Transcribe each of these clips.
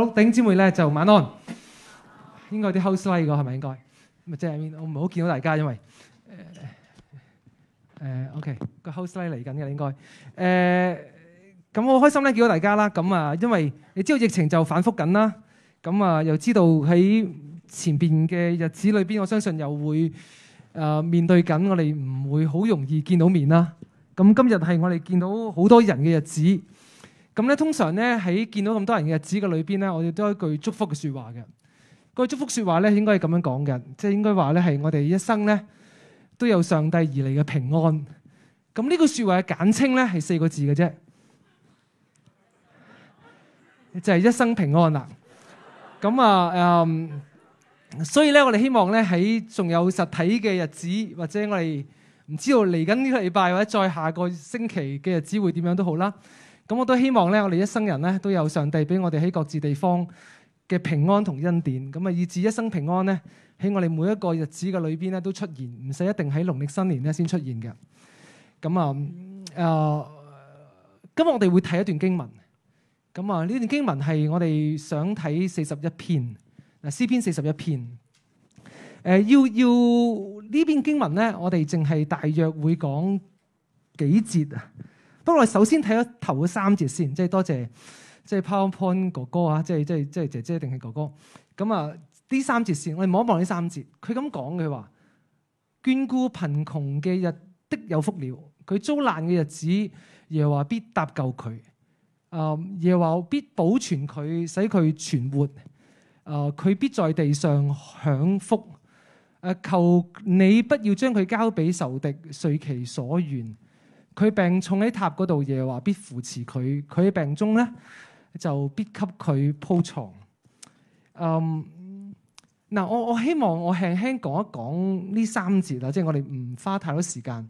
流堂姐妹咧就晚安，應該有啲 hostline 個係咪應該？咁啊即係我唔係好見到大家，因為誒誒，OK 個 hostline 嚟緊嘅應該誒，咁我開心咧見到大家啦！咁啊，因為你知道疫情就反覆緊啦，咁啊又知道喺前邊嘅日子裏邊，我相信又會啊面對緊我哋唔會好容易見到面啦。咁今日係我哋見到好多人嘅日子。咁咧，通常咧喺見到咁多人嘅日子嘅裏邊咧，我哋都有一句祝福嘅説話嘅。句祝福説話咧，應該係咁樣講嘅，即係應該話咧係我哋一生咧都有上帝而嚟嘅平安。咁呢句説話嘅簡稱咧係四個字嘅啫，就係、是、一生平安啦。咁啊，嗯、um，所以咧，我哋希望咧喺仲有實體嘅日子，或者我哋唔知道嚟緊呢個禮拜或者再下個星期嘅日子會點樣都好啦。咁我都希望咧，我哋一生人咧都有上帝俾我哋喺各自地方嘅平安同恩典。咁啊，以至一生平安咧，喺我哋每一個日子嘅裏邊咧都出現，唔使一定喺農曆新年咧先出現嘅。咁啊，誒，今日我哋會睇一段經文。咁啊，呢段經文係我哋想睇四十一篇嗱，詩篇四十一篇。誒，要要呢篇經文咧，我哋淨係大約會講幾節啊。不過，首先睇咗頭嗰三節先，即係多謝，即係 PowerPoint 哥哥啊，即係即係即係姐姐定係哥哥。咁啊，呢三節先，我哋望一望呢三節。佢咁講，佢話：眷顧貧窮嘅日的有福了。佢遭難嘅日子，耶和華必搭救佢。啊、呃，耶和華必保存佢，使佢存活。啊、呃，佢必在地上享福。啊、呃，求你不要將佢交俾仇敵，遂其所願。佢病重喺榻嗰度，耶和華必扶持佢。佢喺病中咧，就必給佢鋪床。嗯，嗱，我我希望我輕輕講一講呢三節啦，即係我哋唔花太多時間。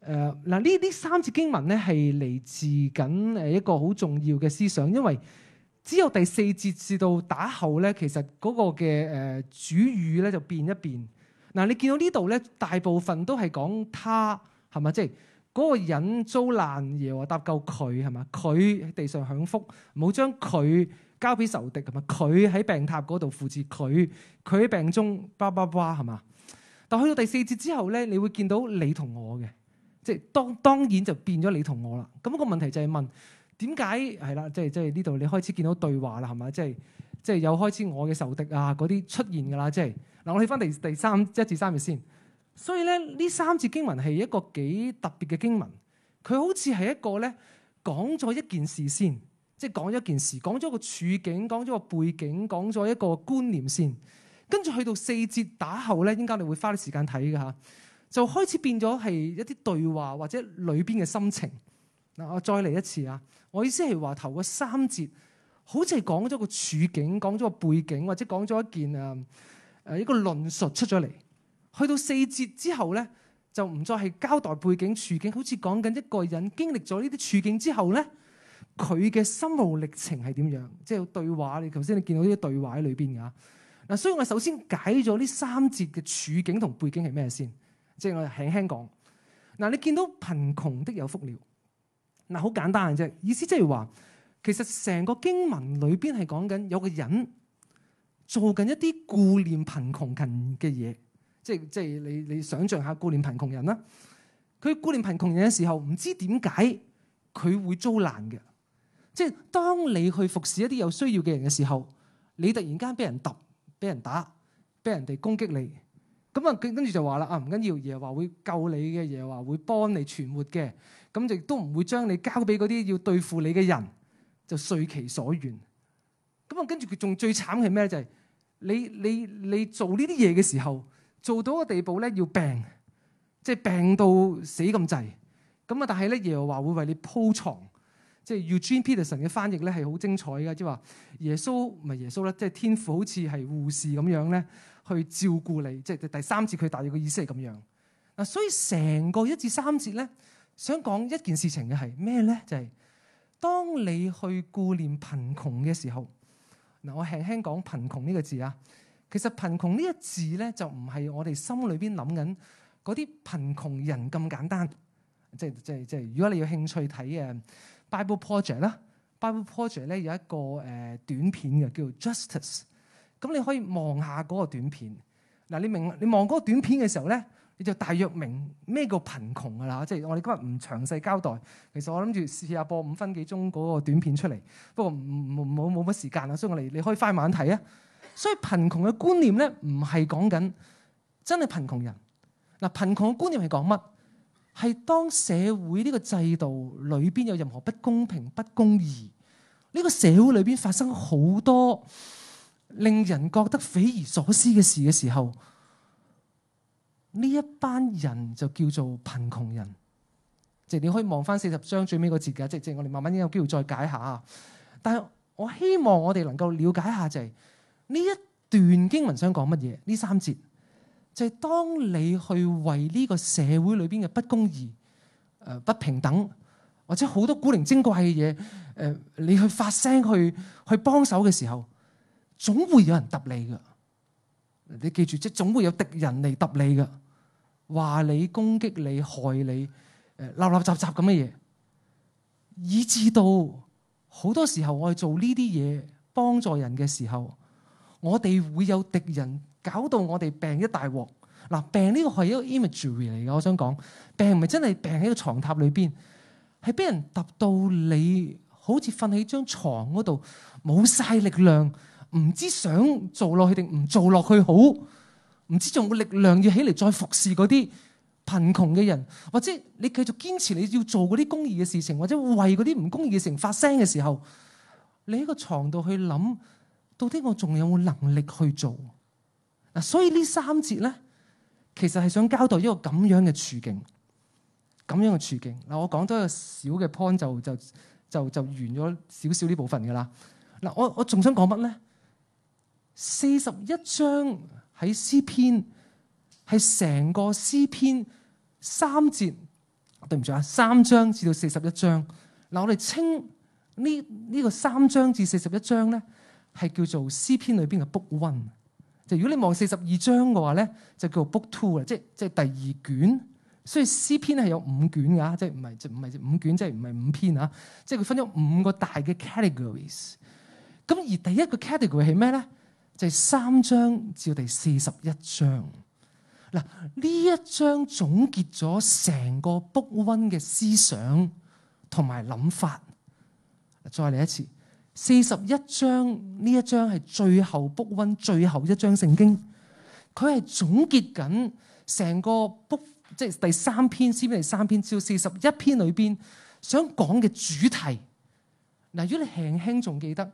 誒，嗱，呢啲三節經文咧係嚟自緊誒一個好重要嘅思想，因為只有第四節至到打後咧，其實嗰個嘅誒主語咧就變一變。嗱，你見到呢度咧，大部分都係講他，係咪即係？就是嗰個人遭難而話搭救佢係嘛？佢喺地上享福，冇將佢交俾仇敵係嘛？佢喺病榻嗰度扶持佢，佢喺病中巴巴巴，係嘛？但去到第四節之後咧，你會見到你同我嘅，即係當當然就變咗你同我啦。咁個問題就係問點解係啦？即係即係呢度你開始見到對話啦係嘛？即係即係有開始我嘅仇敵啊嗰啲出現㗎啦，即係嗱我哋翻第第三一至三節先。所以咧，呢三節經文係一個幾特別嘅經文，佢好似係一個咧講咗一件事先，即係講咗一件事，講咗個處境，講咗個背景，講咗一個觀念先。跟住去到四節打後咧，應該你會花啲時間睇嘅嚇，就開始變咗係一啲對話或者裏邊嘅心情。嗱，我再嚟一次啊，我意思係話頭嗰三節好似係講咗個處境，講咗個背景，或者講咗一件啊誒、呃、一個論述出咗嚟。去到四節之後咧，就唔再係交代背景處境，好似講緊一個人經歷咗呢啲處境之後咧，佢嘅心路歷程係點樣？即係有對話，你頭先你見到呢啲對話喺裏邊噶。嗱，所以我首先解咗呢三節嘅處境同背景係咩先？即係我輕輕講。嗱，你見到貧窮的有福了，嗱，好簡單嘅啫。意思即係話，其實成個經文裏邊係講緊有個人做緊一啲顧念貧窮人嘅嘢。即係即係，你你想象下顧念貧窮人啦。佢顧念貧窮人嘅時候，唔知點解佢會遭難嘅。即係當你去服侍一啲有需要嘅人嘅時候，你突然間俾人揼、俾人打、俾人哋攻擊你，咁、嗯、啊，跟住就話啦，啊，唔緊要，耶和華會救你嘅，耶和華會幫你存活嘅，咁亦都唔會將你交俾嗰啲要對付你嘅人，就遂其所願。咁、嗯、啊，跟住佢仲最慘係咩就係、是、你你你，你做呢啲嘢嘅時候，做到嘅地步咧，要病，即係病到死咁滯。咁啊，但係咧，耶和華會為你鋪床。即係、e、Eugene Peterson 嘅翻譯咧，係好精彩嘅，即係話耶穌唔係耶穌啦，即係天父好似係護士咁樣咧，去照顧你。即係第三節佢大約嘅意思係咁樣。嗱，所以成個一至三節咧，想講一件事情嘅係咩咧？就係、是、當你去顧念貧窮嘅時候，嗱，我輕輕講貧窮呢個字啊。其實貧窮呢一字咧，就唔係我哋心裏邊諗緊嗰啲貧窮人咁簡單。即係即係即係，如果你有興趣睇嘅、uh, Bible Project 啦、uh,Bible Project 咧、uh, 有一個誒、uh, 短片嘅叫 Justice。咁你可以望下嗰個短片。嗱、啊，你明你望嗰個短片嘅時候咧，你就大約明咩叫貧窮嘅啦。即係、就是、我哋今日唔詳細交代。其實我諗住試下播五分幾鐘嗰個短片出嚟，不過唔唔冇冇乜時間啦。所以我哋你可以翻慢睇啊。所以貧窮嘅觀念咧，唔係講緊真係貧窮人嗱。貧窮嘅觀念係講乜？係當社會呢個制度裏邊有任何不公平、不公義，呢個社會裏邊發生好多令人覺得匪夷所思嘅事嘅時候，呢一班人就叫做貧窮人。即係你可以望翻四十章最尾嗰字噶，即係即係我哋慢慢有機會再解下。但係我希望我哋能夠了解下就係。呢一段經文想講乜嘢？呢三節就係當你去為呢個社會裏邊嘅不公義、誒不平等或者好多古靈精怪嘅嘢，誒你去發聲去去幫手嘅時候，總會有人揼你噶。你記住，即係總會有敵人嚟揼你噶，話你攻擊你害你，誒鬧鬧雜雜咁嘅嘢，以至到好多時候我哋做呢啲嘢幫助人嘅時候。我哋會有敵人搞到我哋病一大鑊嗱，病呢個係一個 imagery 嚟嘅。我想講，病唔係真係病喺個床榻裏邊，係俾人揼到你好似瞓喺張床嗰度，冇晒力量，唔知想做落去定唔做落去好，好唔知仲有，有力量要起嚟再服侍嗰啲貧窮嘅人，或者你繼續堅持你要做嗰啲公義嘅事情，或者為嗰啲唔公義嘅事情發聲嘅時候，你喺個床度去諗，到底我仲有冇能力去做嗱？所以呢三節咧，其實係想交代一個咁樣嘅處境，咁樣嘅處境嗱。我講咗一個小嘅 point 就就就就完咗少少呢部分噶啦。嗱，我我仲想講乜咧？四十一章喺詩篇係成個詩篇三節，對唔住啊，三章至到四十一章嗱。我哋稱呢呢、這個三章至四十一章咧。係叫做詩篇裏邊嘅 Book One，即係、如果你望四十二章嘅話咧，就叫做 Book Two 啦，即係即係第二卷。所以詩篇係有五卷㗎，即係唔係即唔係五卷，即係唔係五篇啊，即係佢分咗五個大嘅 categories。咁而第一個 category 係咩咧？就係、是、三章至到第四十一章。嗱，呢一章總結咗成個 Book One 嘅思想同埋諗法。再嚟一次。四十一章呢一章係最後 book one 最後一章聖經，佢係總結緊成個 book 即係第三篇詩篇第三篇至到四十一篇裏邊想講嘅主題。嗱，如果你輕輕仲記得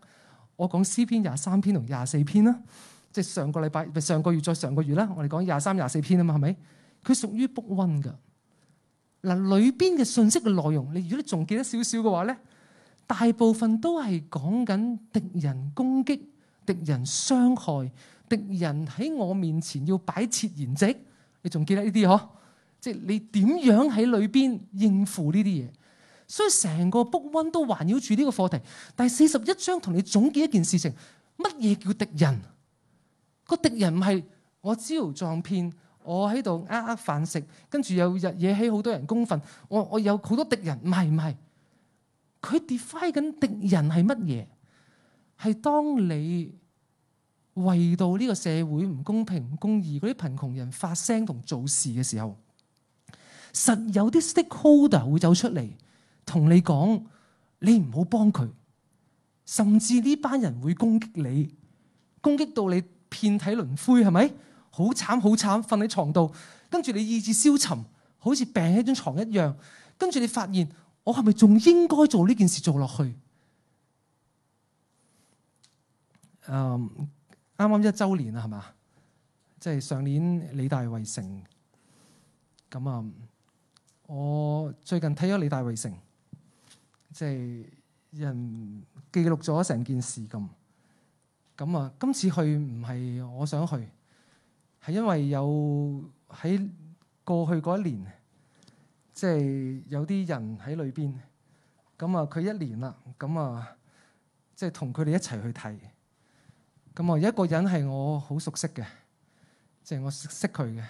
我講詩篇廿三篇同廿四篇啦，即係上個禮拜唔係上個月再上個月啦，我哋講廿三廿四篇啊嘛，係咪？佢屬於 book one 噶。嗱，裏邊嘅信息嘅內容，你如果你仲記得少少嘅話咧？大部分都係講緊敵人攻擊、敵人傷害、敵人喺我面前要擺設筵席，你仲記得呢啲嗬？即係你點樣喺裏邊應付呢啲嘢？所以成個 book one 都環繞住呢個課題。第四十一章同你總結一件事情：乜嘢叫敵人？個敵人唔係我招搖撞騙，我喺度呃呃飯食，跟住又惹惹起好多人公憤。我我有好多敵人，唔係唔係。佢 define 緊敵人係乜嘢？係當你為到呢個社會唔公平、唔公義嗰啲貧窮人發聲同做事嘅時候，實有啲 stakeholder 會走出嚟同你講：你唔好幫佢。甚至呢班人會攻擊你，攻擊到你遍體鱗灰，係咪？好慘好慘，瞓喺床度，跟住你意志消沉，好似病喺張床一樣。跟住你發現。我係咪仲應該做呢件事做落去？嗯，啱啱一周年啦，係嘛？即係上年理大圍城，咁啊，我最近睇咗理大圍城，即係人記錄咗成件事咁。咁啊，今次去唔係我想去，係因為有喺過去嗰一年。即係有啲人喺裏邊，咁啊佢一年啦，咁啊即係同佢哋一齊去睇，咁啊有一個人係我好熟悉嘅，就是就是，即係我識佢嘅，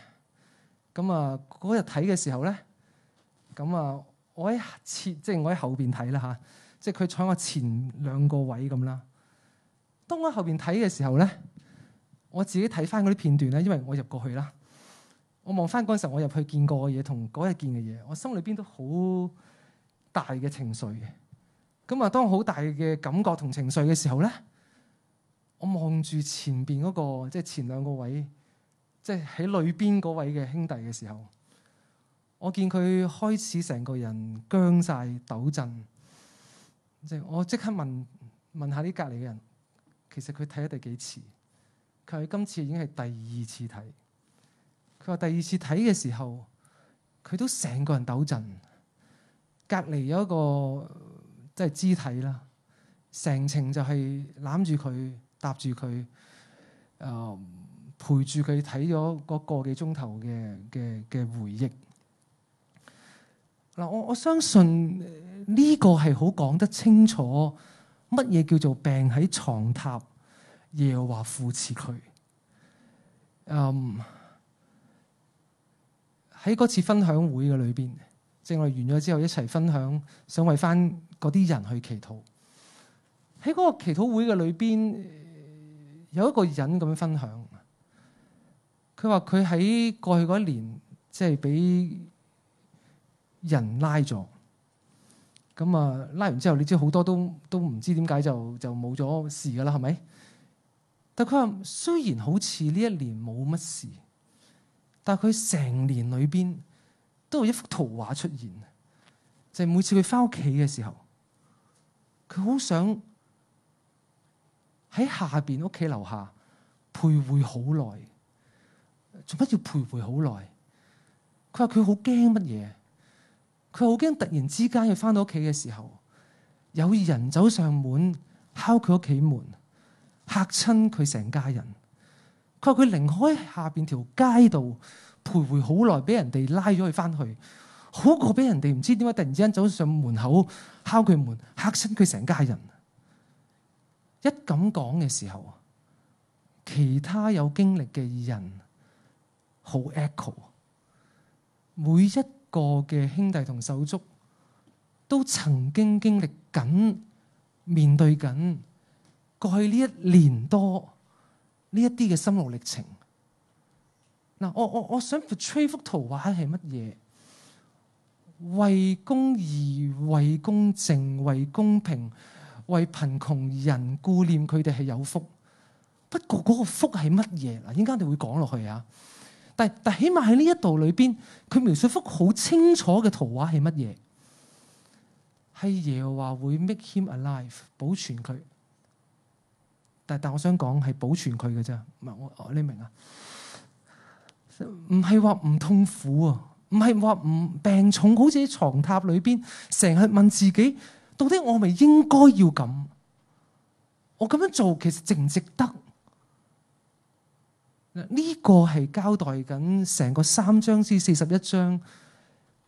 咁啊嗰日睇嘅時候咧，咁啊我喺前，即係我喺後邊睇啦吓，即係佢坐我前兩個位咁啦。當我後邊睇嘅時候咧，我自己睇翻嗰啲片段咧，因為我入過去啦。我望翻嗰陣時，我入去見過嘅嘢同嗰日見嘅嘢，我心裏邊都好大嘅情緒。咁啊，當好大嘅感覺同情緒嘅時候咧，我望住前邊嗰個，即係前兩個位，即係喺裏邊嗰位嘅兄弟嘅時候，我見佢開始成個人僵晒、抖震。即係我即刻問問下啲隔離嘅人，其實佢睇咗第幾次？佢今次已經係第二次睇。第二次睇嘅時候，佢都成個人抖震。隔籬有一個即係肢體啦，成程就係攬住佢，搭住佢，誒，陪住佢睇咗個個幾鐘頭嘅嘅嘅回憶。嗱，我我相信呢個係好講得清楚乜嘢叫做病喺床榻，耶和華扶持佢。嗯、um。喺嗰次分享會嘅裏邊，正我完咗之後一齊分享，想為返嗰啲人去祈禱。喺嗰個祈禱會嘅裏邊，有一個人咁樣分享，佢話佢喺過去嗰一年，即係俾人拉咗，咁啊拉完之後，你知好多都都唔知點解就就冇咗事㗎喇，係咪？但佢話雖然好似呢一年冇乜事。但係佢成年裏邊都有一幅圖畫出現，就係每次佢翻屋企嘅時候，佢好想喺下邊屋企樓下徘徊好耐。做乜要徘徊好耐？佢話佢好驚乜嘢？佢好驚突然之間要翻到屋企嘅時候，有人走上門敲佢屋企門，嚇親佢成家人。佢話佢離開下邊條街度徘徊好耐，俾人哋拉咗佢翻去，好過俾人哋唔知點解突然之間走上門口敲佢門，嚇親佢成家人。一咁講嘅時候，其他有經歷嘅人好 echo，每一個嘅兄弟同手足都曾經經歷緊、面對緊過去呢一年多。呢一啲嘅心路歷程，嗱，我我我想，吹幅圖畫係乜嘢？為公義為公正、為公平、為貧窮人顧念佢哋係有福。不過嗰個福係乜嘢？嗱，依家你哋會講落去啊。但係但起碼喺呢一度裏邊，佢描述幅好清楚嘅圖畫係乜嘢？係耶和華會 make him alive，保存佢。但係，我想講係保存佢嘅啫。唔係我，你明啊？唔係話唔痛苦啊，唔係話唔病重，好似喺床榻裏邊，成日問自己：到底我咪應該要咁？我咁樣做其實值唔值得？呢個係交代緊成個三章至四十一章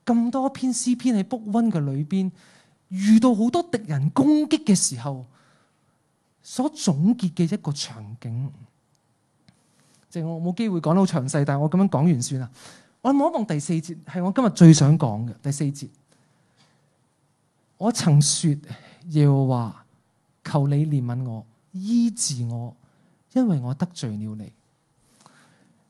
咁多篇詩篇喺 Book One 嘅裏邊，遇到好多敵人攻擊嘅時候。所總結嘅一個場景，即係我冇機會講得好詳細，但係我咁樣講完算啦。我望一望第四節，係我今日最想講嘅第四節。我曾說耶和華，求你憐憫我，醫治我，因為我得罪了你。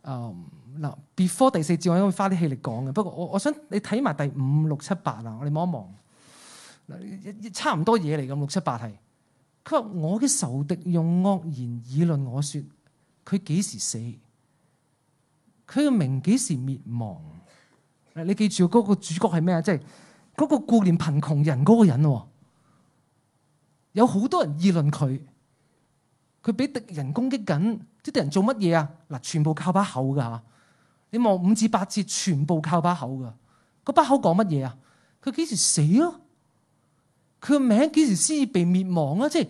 嗯，嗱，before 第四節，我應該花啲氣力講嘅。不過我我想你睇埋第五、六、七、八啊，我哋望一望，嗱，差唔多嘢嚟噶，六、七、八係。佢話我嘅仇敵用惡言議論我說說佢幾時死，佢嘅名幾時滅亡？你記住嗰、嗰個主角係咩啊？即係嗰個顧念貧窮人嗰個人喎，有好多人議論佢，佢俾敵人攻擊緊。啲敵人做乜嘢啊？嗱，全部靠把口噶嚇。你望五至八節，全部靠把口噶。嗰把口講乜嘢啊？佢幾時死啊？佢個名幾時先至被滅亡啊？即係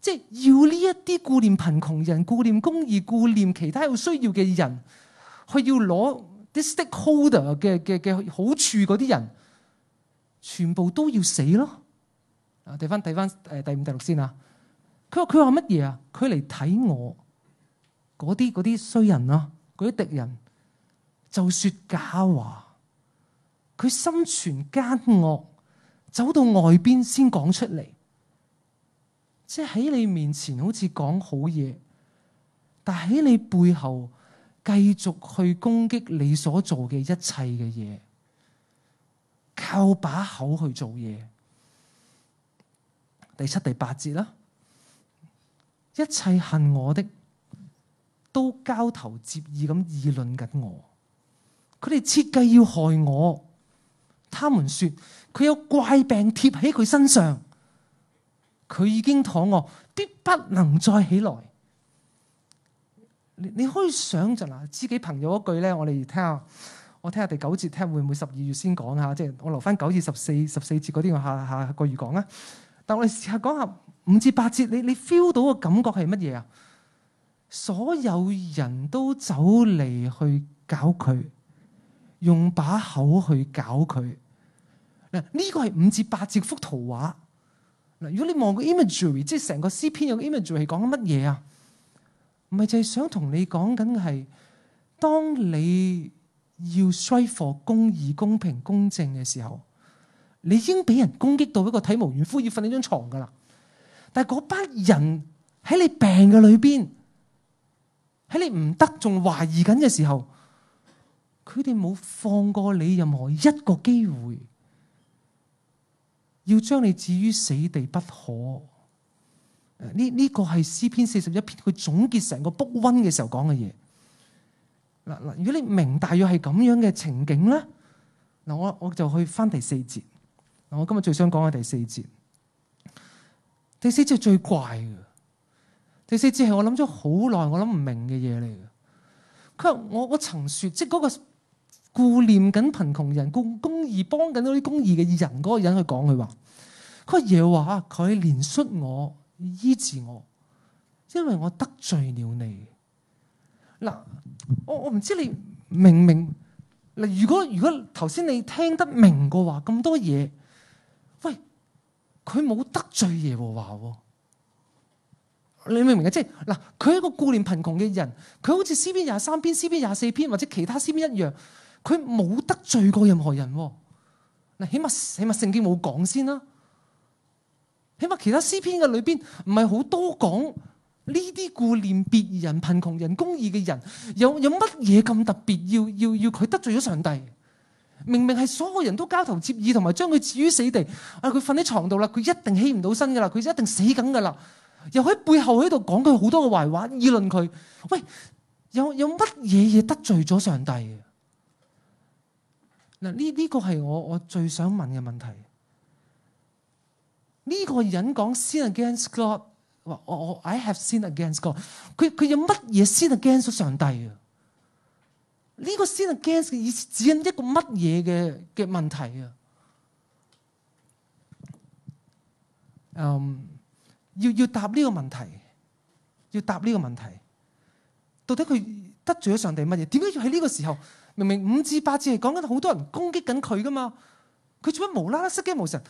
即係要呢一啲顧念貧窮人、顧念公義、顧念其他有需要嘅人，佢要攞啲 stakeholder 嘅嘅嘅好處嗰啲人，全部都要死咯！啊，睇翻睇翻誒第五第六先啊。佢話佢話乜嘢啊？佢嚟睇我嗰啲啲衰人啊，嗰啲敵人就説假話，佢心存奸惡。走到外邊先講出嚟，即係喺你面前好似講好嘢，但喺你背後繼續去攻擊你所做嘅一切嘅嘢，靠把口去做嘢。第七、第八節啦，一切恨我的都交頭接耳咁議論緊我，佢哋設計要害我，他們說。佢有怪病貼喺佢身上，佢已經躺臥，必不能再起來。你你可以想像啊，知己朋友嗰句咧，我哋聽下，我聽下第九節，聽下會唔會十二月先講下，即係我留翻九至十四、十四節嗰啲，下下個月講啊。但係我哋試下講下五至八節，你你 feel 到嘅感覺係乜嘢啊？所有人都走嚟去搞佢，用把口去搞佢。嗱，呢個係五至八節幅圖畫。嗱，如果你望個 imagery，即係成個詩篇有個 imagery 係講緊乜嘢啊？唔係就係想同你講緊係，當你要追求公義、公平、公正嘅時候，你已經俾人攻擊到一個體無完膚，要瞓呢張床噶啦。但係嗰班人喺你病嘅裏邊，喺你唔得仲懷疑緊嘅時候，佢哋冇放過你任何一個機會要將你置於死地不可，呢呢、這個係詩篇四十一篇佢總結成個 book one 嘅時候講嘅嘢。嗱嗱，如果你明大約係咁樣嘅情景咧，嗱我我就去翻第四節。嗱我今日最想講嘅第四節，第四節係最怪嘅，第四節係我諗咗好耐，我諗唔明嘅嘢嚟嘅。佢話我我曾說，即係嗰、那個。顧念緊貧窮人，公公義幫緊嗰啲公義嘅人，嗰個人去講佢話：，佢耶和華佢憐恤我、醫治我，因為我得罪了你。嗱，我我唔知你明唔明？嗱，如果如果頭先你聽得明嘅話，咁多嘢，喂，佢冇得罪耶和華，你明唔明？即係嗱，佢係一個顧念貧窮嘅人，佢好似詩篇廿三篇、詩篇廿四篇或者其他詩篇一樣。佢冇得罪過任何人，嗱，起碼起碼聖經冇講先啦，起碼其他詩篇嘅裏邊唔係好多講呢啲顧念別人貧窮人公義嘅人，有有乜嘢咁特別要要要佢得罪咗上帝？明明係所有人都交頭接耳，同埋將佢置於死地，啊，佢瞓喺床度啦，佢一定起唔到身噶啦，佢一定死緊噶啦，又喺背後喺度講佢好多嘅壞話議論佢，喂，有有乜嘢嘢得罪咗上帝？嗱，呢呢、這個係我我最想問嘅問題。呢、這個人講 sin against God，我我 I have sin against God，佢佢有乜嘢 sin against 上帝啊？呢、這個 sin against 嘅意思指引一個乜嘢嘅嘅問題啊？嗯、um,，要要答呢個問題，要答呢個問題，到底佢得罪咗上帝乜嘢？點解要喺呢個時候？明明五至八字，係講緊好多人攻擊緊佢噶嘛。佢做乜無啦啦失驚無神？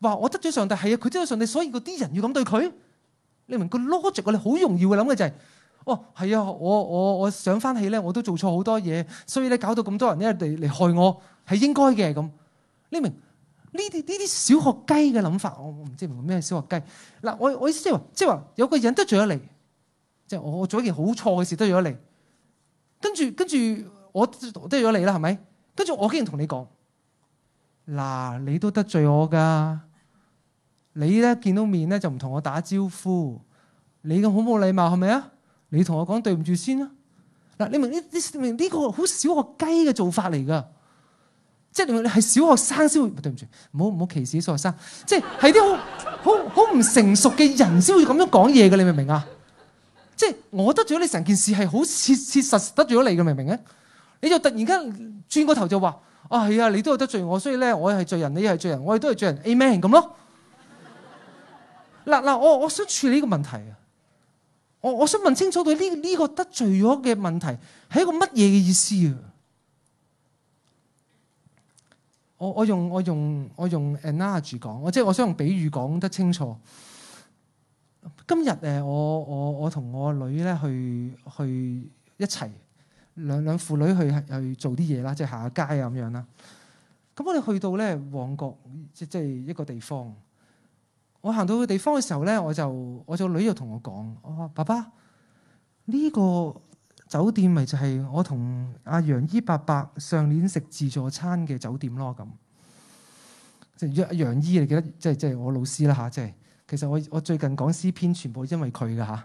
話我得罪上帝係啊，佢得罪上帝，所以嗰啲人要咁對佢？你明唔明個邏輯咧？好容易嘅諗嘅就係、是，哦係啊，我我我想翻起咧，我都做錯好多嘢，所以咧搞到咁多人咧嚟嚟害我係應該嘅咁。你明呢啲呢啲小學雞嘅諗法，我唔知明咩小學雞嗱，我我意思即係話，即係話有個人得罪咗嚟，即係我我做一件好錯嘅事，得咗嚟，跟住跟住。我得罪咗你啦，係咪？跟住我竟然同你講嗱，你都得罪我噶。你咧見到面咧就唔同我打招呼，你咁好冇禮貌係咪啊？你同我講對唔住先啦。嗱，你明呢啲明呢個好小學雞嘅做法嚟噶？即係你係小學生先會對唔住，唔好唔好歧視小學生。 即係係啲好好好唔成熟嘅人先會咁樣講嘢嘅，你明唔明啊？即係我得罪咗你成件事係好切切實實得罪咗你嘅，你明唔明咧？你就突然間轉個頭就話，啊，係啊，你都有得罪我，所以咧我係罪人，你係罪人，我哋都係罪人，Amen 咁咯。嗱嗱，， 我我想處理呢個問題啊，我我想問清楚到呢呢個得罪咗嘅問題係一個乜嘢嘅意思啊？我我用我用我用 Analogy 講，我即係我想用比喻講得清楚。今日誒，我我我同我女咧去去一齊。兩兩父女去去做啲嘢啦，即係行下街啊咁樣啦。咁我哋去到咧旺角，即即係一個地方。我行到個地方嘅時候咧，我就我就女又同我講：我話爸爸，呢個酒店咪就係我同阿楊姨伯伯上年食自助餐嘅酒店咯咁。即係阿楊姨，你記得即係即係我老師啦嚇。即係其實我我最近講詩篇，全部因為佢噶嚇。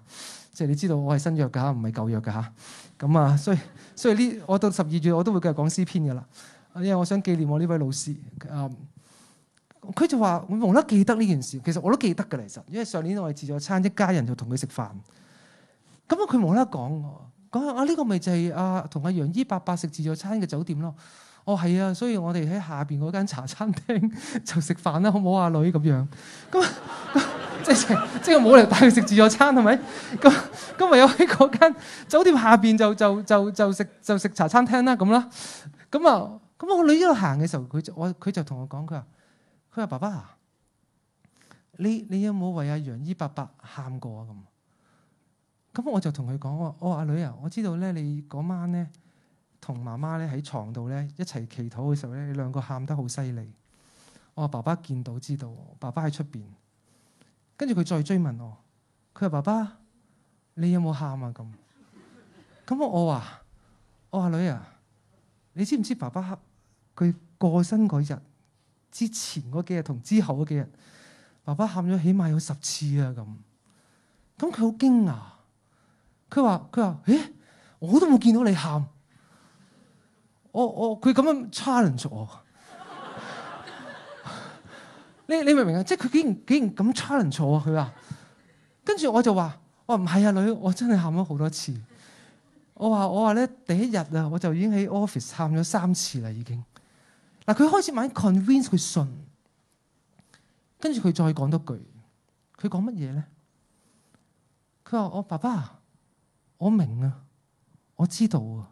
即係你知道我係新約㗎，唔係舊約㗎嚇。咁啊，所以所以呢，我到十二月我都會繼續講詩篇㗎啦。因為我想紀念我呢位老師。嗯，佢就話：我冇得記得呢件事。其實我都記得㗎，其實。因為上年我哋自助餐一家人就同佢食飯。咁啊，佢冇得講喎。講啊，呢個咪就係啊，同阿楊姨伯伯食自助餐嘅酒店咯。哦，係啊，所以我哋喺下邊嗰間茶餐廳就食飯啦，好唔好啊，女咁樣。 即係即係冇嚟帶佢食自助餐係咪？咁咁唯有喺嗰間酒店下邊就就就就食就食茶餐廳啦咁啦。咁啊咁我女一路行嘅時候，佢就，就我佢就同我講，佢話佢話爸爸啊，你你有冇為阿楊姨伯伯喊過啊？咁咁我就同佢講，我話阿女啊，我知道咧，你嗰晚咧同媽媽咧喺床度咧一齊祈禱嘅時候咧，你兩個喊得好犀利。我話爸爸見到知道，爸爸喺出邊。跟住佢再追問我，佢話爸爸，你有冇喊啊咁？咁我我話，我話女啊，你知唔知爸爸佢過身嗰日之前嗰幾日同之後嗰幾日，爸爸喊咗起碼有十次啊咁。咁佢好驚訝，佢話佢話，誒，我都冇見到你喊，我我佢咁樣 challenge 我。你你明唔明啊？即係佢竟然竟然咁 challenge 我，佢話，跟住我就話，我唔係啊，女，我真係喊咗好多次。我話我話咧，第一日啊，我就已經喺 office 喊咗三次啦，已經。嗱，佢開始慢慢 convince 佢信，跟住佢再講多句，佢講乜嘢咧？佢話：我爸爸，我明啊，我知道啊，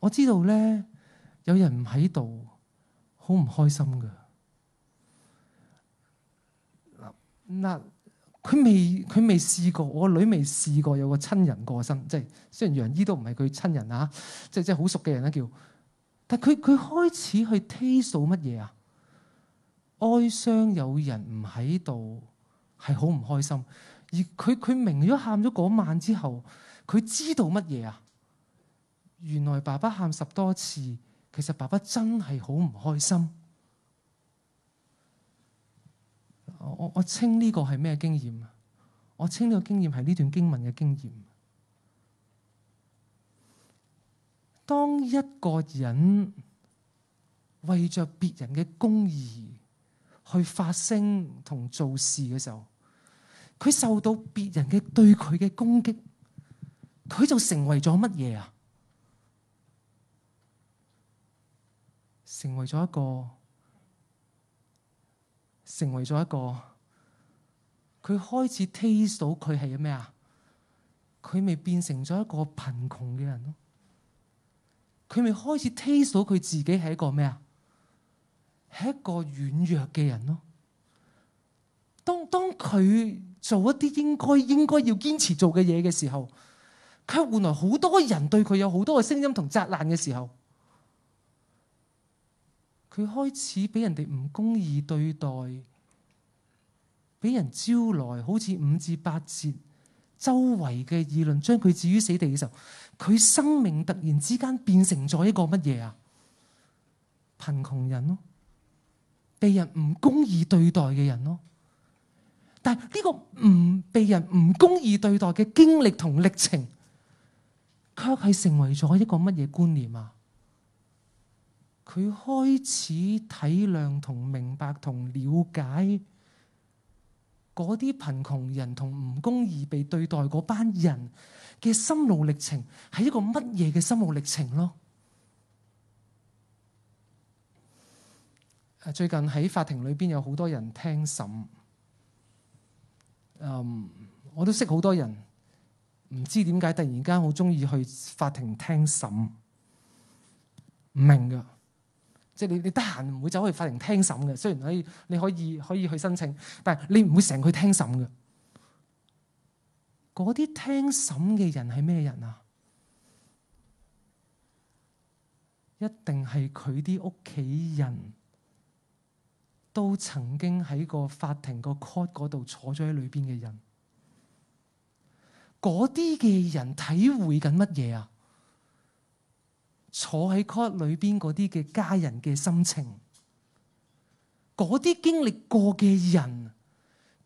我知道咧，有人唔喺度，好唔開心噶。嗱，佢未佢未試過，我個女未試過有個親人過身，即係雖然楊姨都唔係佢親人啊，即係即係好熟嘅人咧叫，但佢佢開始去聽數乜嘢啊？哀傷，有人唔喺度，係好唔開心。而佢佢明咗喊咗嗰晚之後，佢知道乜嘢啊？原來爸爸喊十多次，其實爸爸真係好唔開心。我我我稱呢個係咩經驗啊？我稱呢個經驗係呢段經文嘅經驗。當一個人為着別人嘅公義去發聲同做事嘅時候，佢受到別人嘅對佢嘅攻擊，佢就成為咗乜嘢啊？成為咗一個。成為咗一個，佢開始 taste 到佢係咩啊？佢咪變成咗一個貧窮嘅人咯？佢咪開始 taste 到佢自己係一個咩啊？係一個軟弱嘅人咯？當當佢做一啲應該應該要堅持做嘅嘢嘅時候，卻換來好多人對佢有好多嘅聲音同責難嘅時候。佢開始俾人哋唔公義對待，俾人招來好似五至八節，周圍嘅議論將佢置於死地嘅時候，佢生命突然之間變成咗一個乜嘢啊？貧窮人咯，被人唔公義對待嘅人咯。但係呢個唔被人唔公義對待嘅經歷同歷程，卻係成為咗一個乜嘢觀念啊？佢開始體諒同明白同了解嗰啲貧窮人同唔公義被對待嗰班人嘅心路歷程係一個乜嘢嘅心路歷程咯？最近喺法庭裏邊有好多人聽審，嗯，我都識好多人，唔知點解突然間好鍾意去法庭聽審，唔明㗎。即係你，你得閒唔會走去法庭聽審嘅。雖然你可以你可以去申請，但係你唔會成日去聽審嘅。嗰啲聽審嘅人係咩人啊？一定係佢啲屋企人都曾經喺個法庭個 court 嗰度坐咗喺裏邊嘅人。嗰啲嘅人體會緊乜嘢啊？坐喺 court 裏邊啲嘅家人嘅心情，啲經歷過嘅人，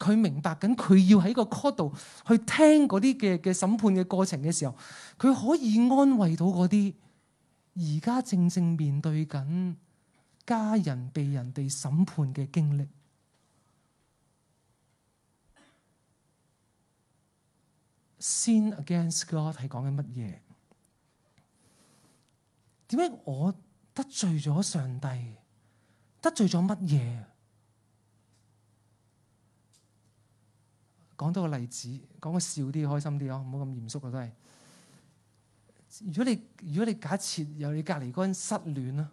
佢明白緊佢要喺個 court 度去聽啲嘅嘅審判嘅過程嘅時候，佢可以安慰到啲而家正正面對緊家人被人哋審判嘅經歷。Sin against God 係講緊乜嘢？點解我得罪咗上帝？得罪咗乜嘢？講多個例子，講個笑啲開心啲咯，唔好咁嚴肅咯都係。如果你如果你假設有你隔籬嗰個人失戀啦，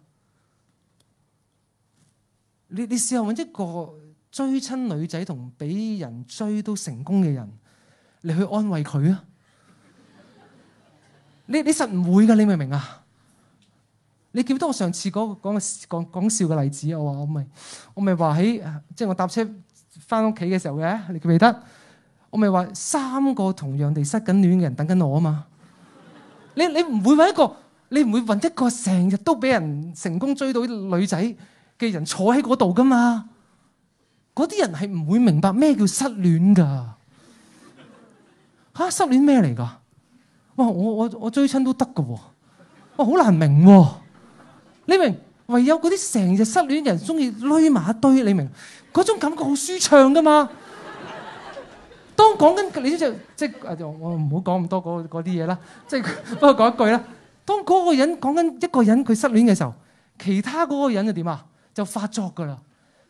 你你試下搵一個追親女仔同俾人追都成功嘅人，你去安慰佢啊！你你實唔會噶，你明唔明啊？你記唔記得我上次嗰講講講笑嘅例子？我話我咪我咪話喺即係我搭車返屋企嘅時候嘅，你記唔記得？我咪話三個同樣地失緊戀嘅人等緊我啊嘛！你你唔會揾一個，你唔會揾一個成日都俾人成功追到女仔嘅人坐喺嗰度噶嘛？嗰啲人係唔會明白咩叫失戀噶。嚇、啊、失戀咩嚟噶？哇！我我我追親都得嘅喎，哇！好難明喎。你明？唯有嗰啲成日失戀人中意匿埋一堆，你明？嗰種感覺好舒暢噶嘛？當講緊你知唔知？即係我唔好講咁多嗰啲嘢啦。即係不過講一句啦。當嗰個人講緊一個人佢失戀嘅時候，其他嗰個人就點啊？就發作噶啦！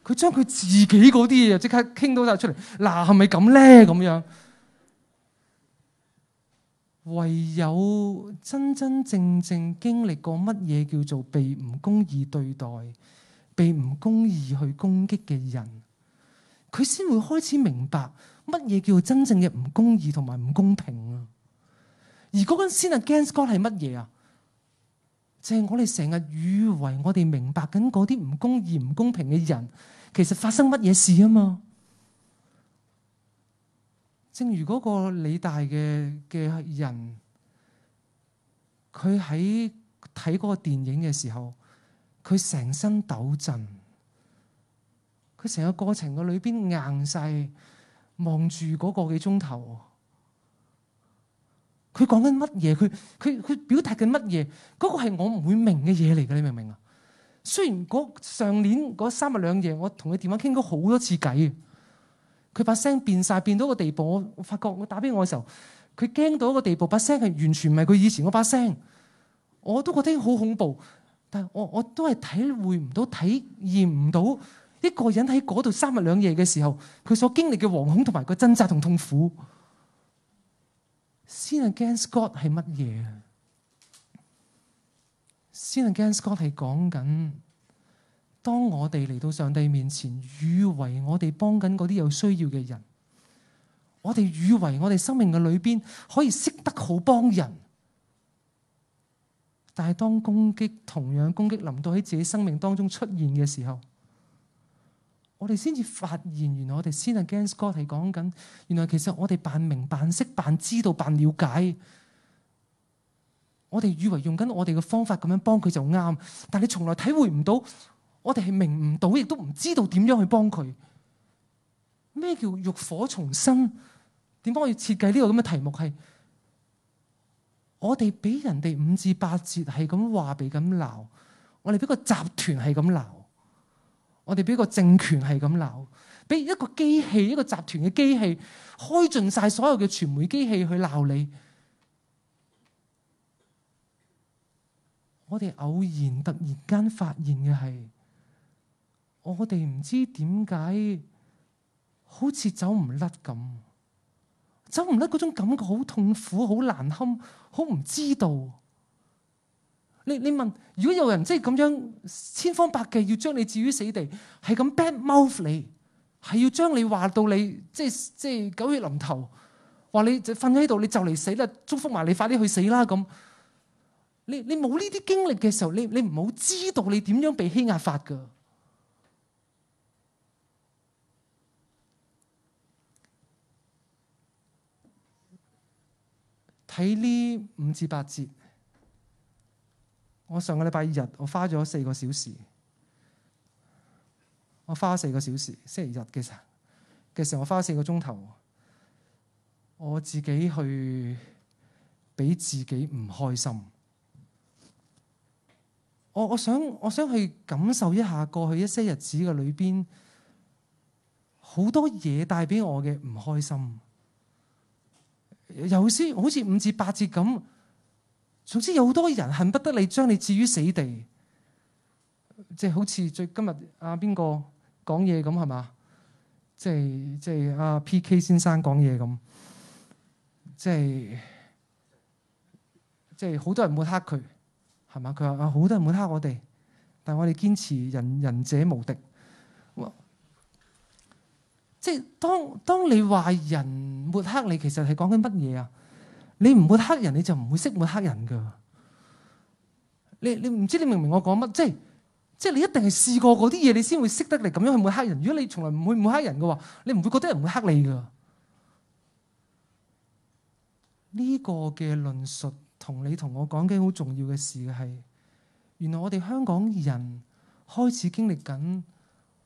佢將佢自己嗰啲嘢即刻傾到晒出嚟。嗱係咪咁咧？咁樣，樣。唯有真真正正經歷過乜嘢叫做被唔公義對待、被唔公義去攻擊嘅人，佢先會開始明白乜嘢叫做真正嘅唔公義同埋唔公平啊！而嗰陣先嘅 Gangster 係乜嘢啊？就係、是、我哋成日以為我哋明白緊嗰啲唔公義、唔公平嘅人，其實發生乜嘢事啊嘛？正如嗰個理大嘅嘅人，佢喺睇嗰個電影嘅時候，佢成身抖震，佢成個過程嘅裏邊硬晒，望住嗰個幾鐘頭。佢講緊乜嘢？佢佢佢表達緊乜嘢？嗰個係我唔會明嘅嘢嚟嘅，你明唔明啊？雖然上年嗰三日兩夜，我同佢電話傾過好多次偈。佢把聲變晒變到個地步，我發覺打我打俾我嘅時候，佢驚到一個地步，把聲係完全唔係佢以前嗰把聲，我都覺得好恐怖。但係我我都係體會唔到、體驗唔到一個人喺嗰度三日兩夜嘅時候，佢所經歷嘅惶恐同埋個掙扎同痛苦。Sin against God 係乜嘢啊？Sin against God 係講緊。當我哋嚟到上帝面前，以為我哋幫緊嗰啲有需要嘅人，我哋以為我哋生命嘅裏邊可以識得好幫人，但係當攻擊同樣攻擊臨到喺自己生命當中出現嘅時候，我哋先至發現，原來我哋先係 sin against God 係講緊，原來其實我哋扮明、扮識、扮知道、扮了解，我哋以為用緊我哋嘅方法咁樣幫佢就啱，但係你從來體會唔到。我哋係明唔到，亦都唔知道點樣去幫佢。咩叫浴火重生？點解我要設計呢個咁嘅題目？係我哋俾人哋五至八節係咁話，俾咁鬧。我哋俾個集團係咁鬧，我哋俾個政權係咁鬧，俾一個機器、一個集團嘅機器開盡晒所有嘅傳媒機器去鬧你。我哋偶然突然間發現嘅係。我哋唔知點解，好似走唔甩咁，走唔甩嗰種感覺好痛苦、好難堪、好唔知道。你你問，如果有人即係咁樣千方百計要將你置於死地，係咁 bad mouth 你，係要將你話到你即係即係狗血淋頭，話你，你就瞓喺度你就嚟死啦，祝福埋你快啲去死啦咁。你你冇呢啲經歷嘅時候，你你唔好知道你點樣被欺壓法㗎。喺呢五至八節，我上個禮拜日，我花咗四個小時，我花四個小時星期日嘅時候，嘅時候我花四個鐘頭，我自己去俾自己唔開心。我我想我想去感受一下過去一些日子嘅裏邊好多嘢帶俾我嘅唔開心。有啲好似五字八字咁，總之有好多人恨不得你將你置於死地，即係好似在今日阿邊個講嘢咁係嘛？即係即係阿 P.K. 先生講嘢咁，即係即係好多人抹黑佢，係嘛？佢話啊好多人抹黑我哋，但係我哋堅持人人者無敵，即係當當你話人抹黑你，其實係講緊乜嘢啊？你唔抹黑人，你就唔會識抹黑人噶。你你唔知你明唔明我講乜？即係即係你一定係試過嗰啲嘢，你先會識得嚟咁樣去抹黑人。如果你從來唔會抹黑人嘅話，你唔會覺得人會抹黑你噶。呢、嗯、個嘅論述同你同我講緊好重要嘅事係，原來我哋香港人開始經歷緊。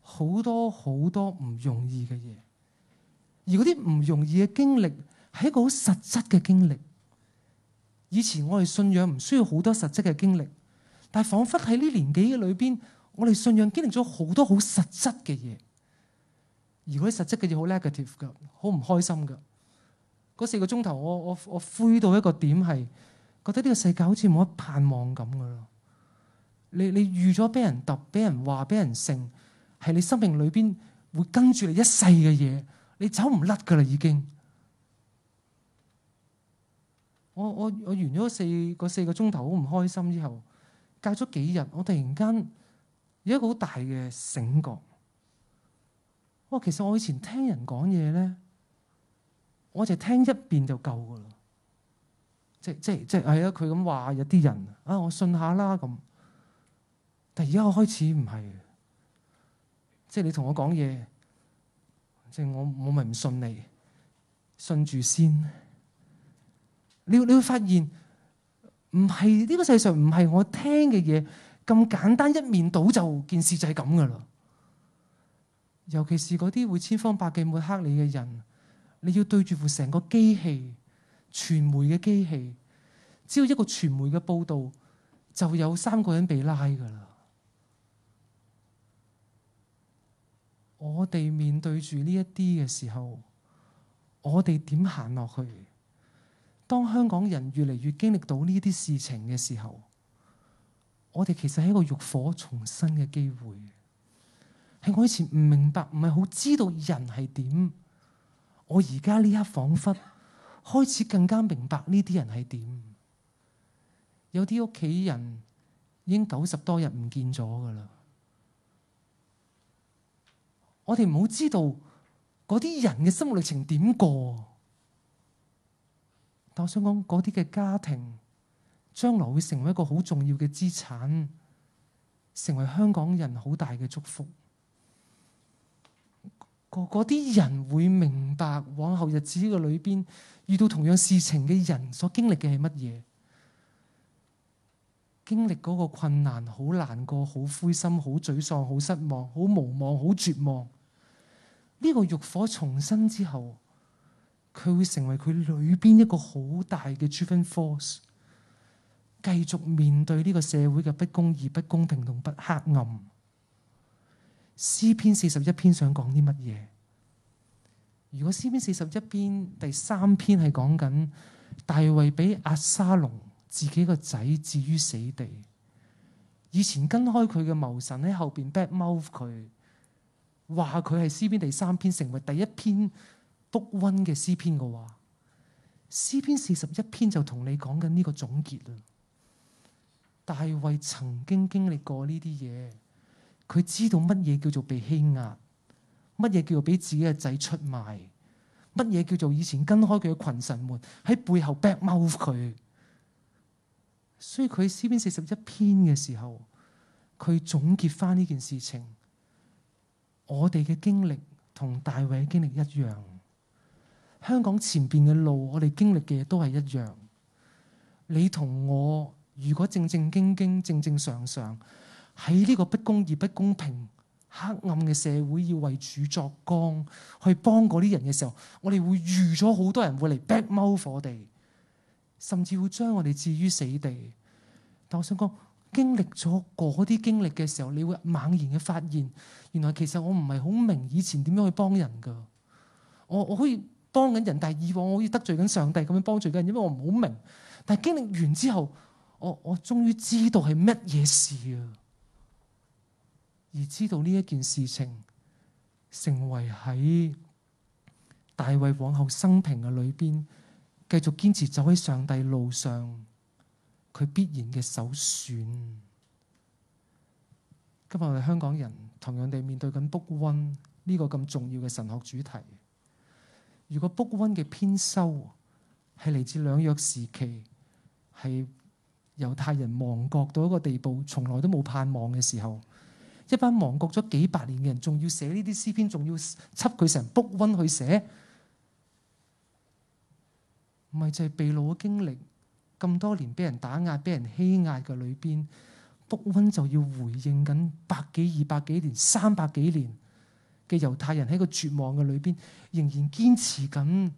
好多好多唔容易嘅嘢，而嗰啲唔容易嘅經歷係一個好實質嘅經歷。以前我哋信仰唔需要好多實質嘅經歷，但係彷彿喺呢年紀嘅裏邊，我哋信仰經歷咗好多好實質嘅嘢。而嗰啲實質嘅嘢好 negative 㗎，好唔開心㗎。嗰四個鐘頭，我我我灰到一個點，係覺得呢個世界好似冇乜盼望咁嘅咯。你你預咗俾人揼，俾人話，俾人勝。係你生命裏邊會跟住你一世嘅嘢，你走唔甩噶啦，已經。我我我完咗四個四個鐘頭好唔開心之後，隔咗幾日，我突然間有一個好大嘅醒覺。我其實我以前聽人講嘢咧，我就聽一遍就夠噶啦。即即即係啦，佢咁話有啲人啊，我信下啦咁。但而家我開始唔係。即係你同我講嘢，即係我我咪唔信你，信住先。你你會發現，唔係呢個世上唔係我聽嘅嘢咁簡單一面倒就件事就係咁噶啦。尤其是嗰啲會千方百計抹黑你嘅人，你要對住副成個機器、傳媒嘅機器，只要一個傳媒嘅報道，就有三個人被拉噶啦。我哋面對住呢一啲嘅時候，我哋點行落去？當香港人越嚟越經歷到呢啲事情嘅時候，我哋其實係一個浴火重生嘅機會。係我以前唔明白，唔係好知道人係點。我而家呢刻彷彿開始更加明白呢啲人係點。有啲屋企人已經九十多日唔見咗㗎啦。我哋唔好知道嗰啲人嘅心路歷程點過，但我想講嗰啲嘅家庭將來會成為一個好重要嘅資產，成為香港人好大嘅祝福。嗰啲人會明白往後日子嘅裏邊遇到同樣事情嘅人所經歷嘅係乜嘢，經歷嗰個困難，好難過，好灰心，好沮喪，好失望，好無望，好絕望。呢個浴火重生之後，佢會成為佢裏邊一個好大嘅 driven force，繼續面對呢個社會嘅不公義、不公平同不黑暗。詩篇四十一篇想講啲乜嘢？如果詩篇四十一篇第三篇係講緊大衛俾阿沙龍自己個仔置於死地，以前跟開佢嘅謀臣喺後邊 bad mouth 佢。話佢係詩篇第三篇成為第一篇 book one 嘅詩篇嘅話，詩篇四十一篇就同你講緊呢個總結啦。大衛曾經經歷過呢啲嘢，佢知道乜嘢叫做被欺壓，乜嘢叫做俾自己嘅仔出賣，乜嘢叫做以前跟開佢嘅群臣們喺背後 backmouth 佢，所以佢詩篇四十一篇嘅時候，佢總結翻呢件事情。我哋嘅經歷同大衛嘅經歷一樣，香港前邊嘅路，我哋經歷嘅都係一樣。你同我，如果正正經經、正正常常喺呢個不公義、不公平、黑暗嘅社會，要為主作光，去幫嗰啲人嘅時候，我哋會遇咗好多人會嚟逼踎火地，甚至會將我哋置於死地。但我想講。經歷咗嗰啲經歷嘅時候，你會猛然嘅發現，原來其實我唔係好明以前點樣去幫人噶。我我可以幫緊人，但係以往我可以得罪緊上帝咁樣幫助緊人，因為我唔好明。但係經歷完之後，我我終於知道係乜嘢事啊！而知道呢一件事情，成為喺大衛往後生平嘅裏邊，繼續堅持走喺上帝路上。佢必然嘅首選。今日我哋香港人同樣地面對緊 Book One 呢個咁重要嘅神學主題。如果 Book One 嘅編修係嚟自兩約時期，係猶太人亡國到一個地步，從來都冇盼望嘅時候，一班亡國咗幾百年嘅人，仲要寫呢啲詩篇，仲要輯佢成 Book One 去寫，咪就係被擄嘅經歷。咁多年俾人打壓、俾人欺壓嘅裏邊，福音就要回應緊百幾、二百幾年、三百幾年嘅猶太人喺個絕望嘅裏邊，仍然堅持緊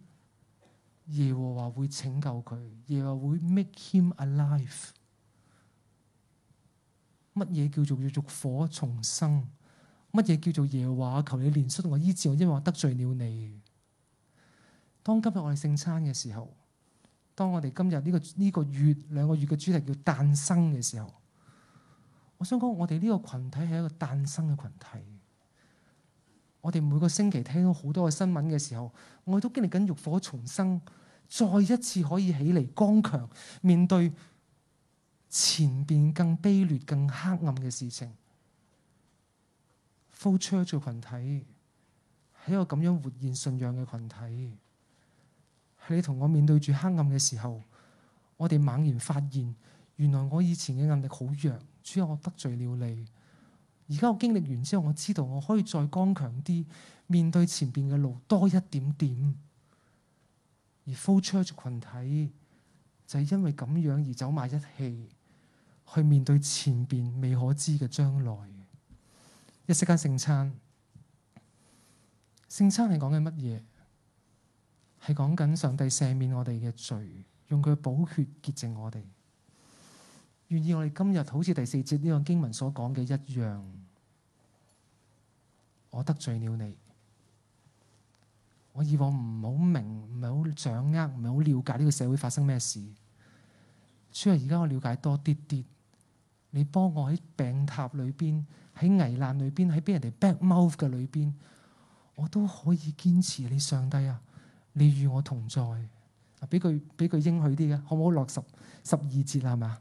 耶和華會拯救佢，耶和華會 make him alive。乜嘢叫做要浴火重生？乜嘢叫做耶和華？求你憐恤我、醫治我，因為我得罪了你。當今日我哋聖餐嘅時候。當我哋今日呢個呢個月兩個月嘅主題叫誕生嘅時候，我想講我哋呢個群體係一個誕生嘅群體。我哋每個星期聽到好多嘅新聞嘅時候，我哋都經歷緊浴火重生，再一次可以起嚟剛強，面對前面更卑劣、更黑暗嘅事情。flow church 嘅群體係一個咁樣活現信仰嘅群體。係你同我面對住黑暗嘅時候，我哋猛然發現，原來我以前嘅壓力好弱，主要我得罪了你。而家我經歷完之後，我知道我可以再剛強啲面對前邊嘅路多一點點。而 flow church 群體就係因為咁樣而走埋一齊，去面對前邊未可知嘅將來。一息間聖餐，聖餐係講緊乜嘢？係講緊上帝赦免我哋嘅罪，用佢寶血潔淨我哋。願意我哋今日好似第四節呢個經文所講嘅一樣，我得罪了你，我以往唔好明唔好掌握唔好了解呢個社會發生咩事，雖然而家我了解多啲啲，你幫我喺病榻裏邊喺危難裏邊喺俾人哋 back mouth 嘅裏邊，我都可以堅持你，上帝啊！你與我同在，啊！俾佢俾佢應許啲嘅，好唔好？落十十二節啦，係嘛？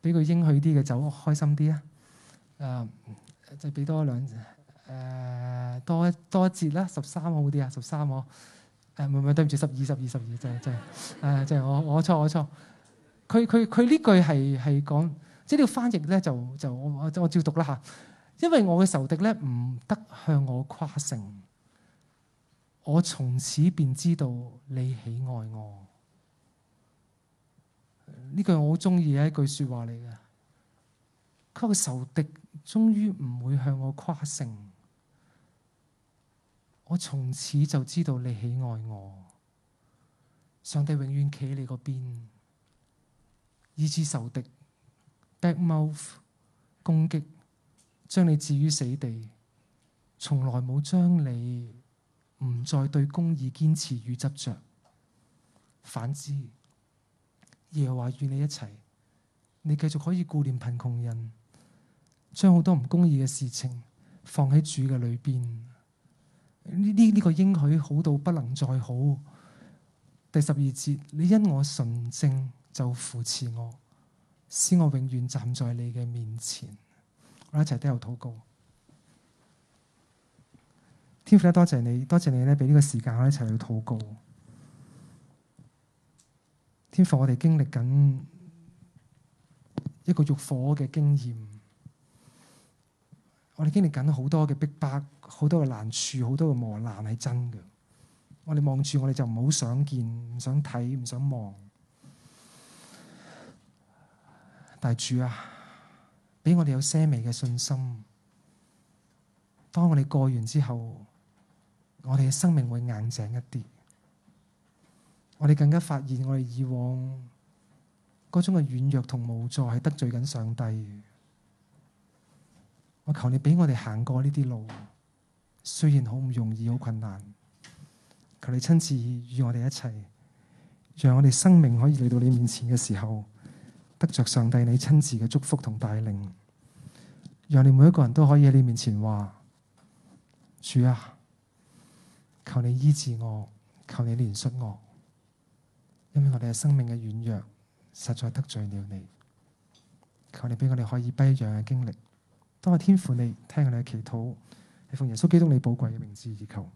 俾佢應許啲嘅，走開心啲啊！誒、嗯，就俾多兩誒、呃、多多多一節啦，十三好啲啊！十三喎，誒，唔係唔係，對唔住，十二十二十二，就就誒就係我我錯我錯。佢佢佢呢句係係講，即係呢個翻譯咧就就我我照讀啦嚇，因為我嘅仇敵咧唔得向我誇勝。我從此便知道你喜愛我，呢句我好鍾意嘅一句說話嚟嘅。佢個仇敵終於唔會向我跨城，我從此就知道你喜愛我。上帝永遠企你嗰邊，以至仇敵，bad mouth 攻擊，將你置於死地，從來冇將你。唔再對公義堅持與執着，反之，耶華與你一齊，你繼續可以顧念貧窮人，將好多唔公義嘅事情放喺主嘅裏邊。呢呢呢個應許好到不能再好。第十二節，你因我純正就扶持我，使我永遠站在你嘅面前。我一齊低頭禱告。天父，多謝你，多謝你咧，俾呢個時間我哋一齊去禱告。天父，我哋經歷緊一個浴火嘅經驗，我哋經歷緊好多嘅逼迫，迫，好多嘅難處，好多嘅磨難係真嘅。我哋望住我哋就唔好想見，唔想睇，唔想望。大主啊，畀我哋有些微嘅信心。當我哋過完之後。我哋嘅生命會硬淨一啲，我哋更加發現我哋以往嗰種嘅軟弱同無助係得罪緊上帝。我求你畀我哋行過呢啲路，雖然好唔容易，好困難。求你親自與我哋一齊，讓我哋生命可以嚟到你面前嘅時候，得着上帝你親自嘅祝福同帶領。讓你每一個人都可以喺你面前話主啊！求你醫治我，求你憐恤我，因為我哋嘅生命嘅軟弱，實在得罪了你。求你畀我哋可以不一樣嘅經歷。當我天父你聽我哋嘅祈禱，係奉耶穌基督你寶貴嘅名字而求。